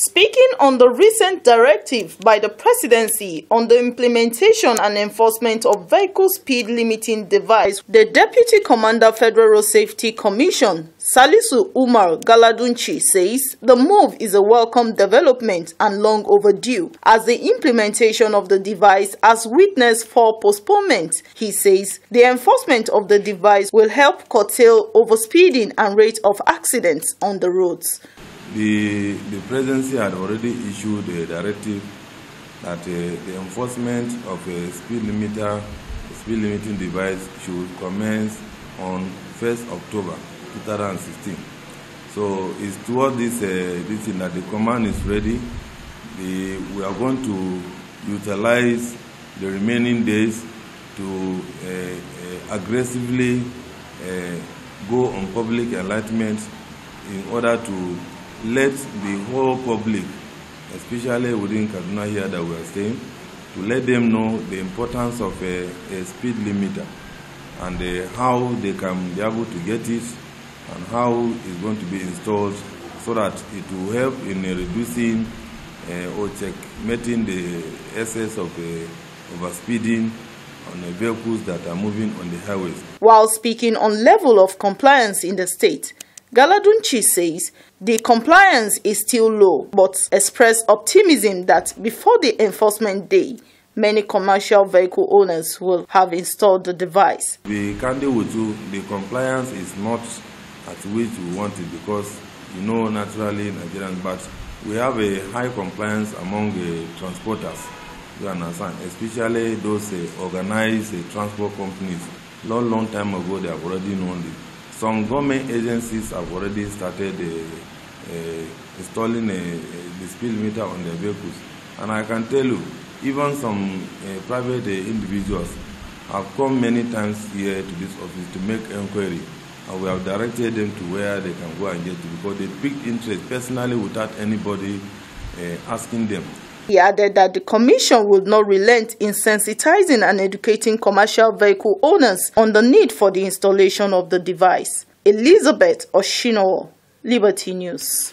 Speaking on the recent directive by the presidency on the implementation and enforcement of vehicle speed limiting device, the Deputy Commander Federal Road Safety Commission, Salisu Umar Galadunchi, says the move is a welcome development and long overdue, as the implementation of the device has witnessed four postponements. He says the enforcement of the device will help curtail overspeeding and rate of accidents on the roads. The, the presidency had already issued a directive that uh, the enforcement of a speed limiter, a speed limiting device should commence on 1st October 2016. So it's toward this, uh, this thing that the command is ready. The, we are going to utilize the remaining days to uh, uh aggressively uh, go on public enlightenment in order to let the whole public, especially within Kaduna here that we are staying, to let them know the importance of a, a speed limiter and uh, how they can be able to get it and how it's going to be installed so that it will help in uh, reducing uh, or checkmating the excess of uh, overspeeding on the vehicles that are moving on the highways. While speaking on level of compliance in the state, Galadunchi says the compliance is still low, but express optimism that before the enforcement day, many commercial vehicle owners will have installed the device. The do. the compliance is not at which we want it because, you know, naturally Nigerian, but we have a high compliance among the transporters, you understand, especially those uh, organized uh, transport companies. Long, long time ago, they have already known this. Some government agencies have already started uh, uh, installing a, a, speed meter on their vehicles. And I can tell you, even some uh, private uh, individuals have come many times here to this office to make inquiry. And we have directed them to where they can go and get to because they picked interest personally without anybody uh, asking them. He added that the Commission would not relent in sensitizing and educating commercial vehicle owners on the need for the installation of the device. Elizabeth Oshino, Liberty News.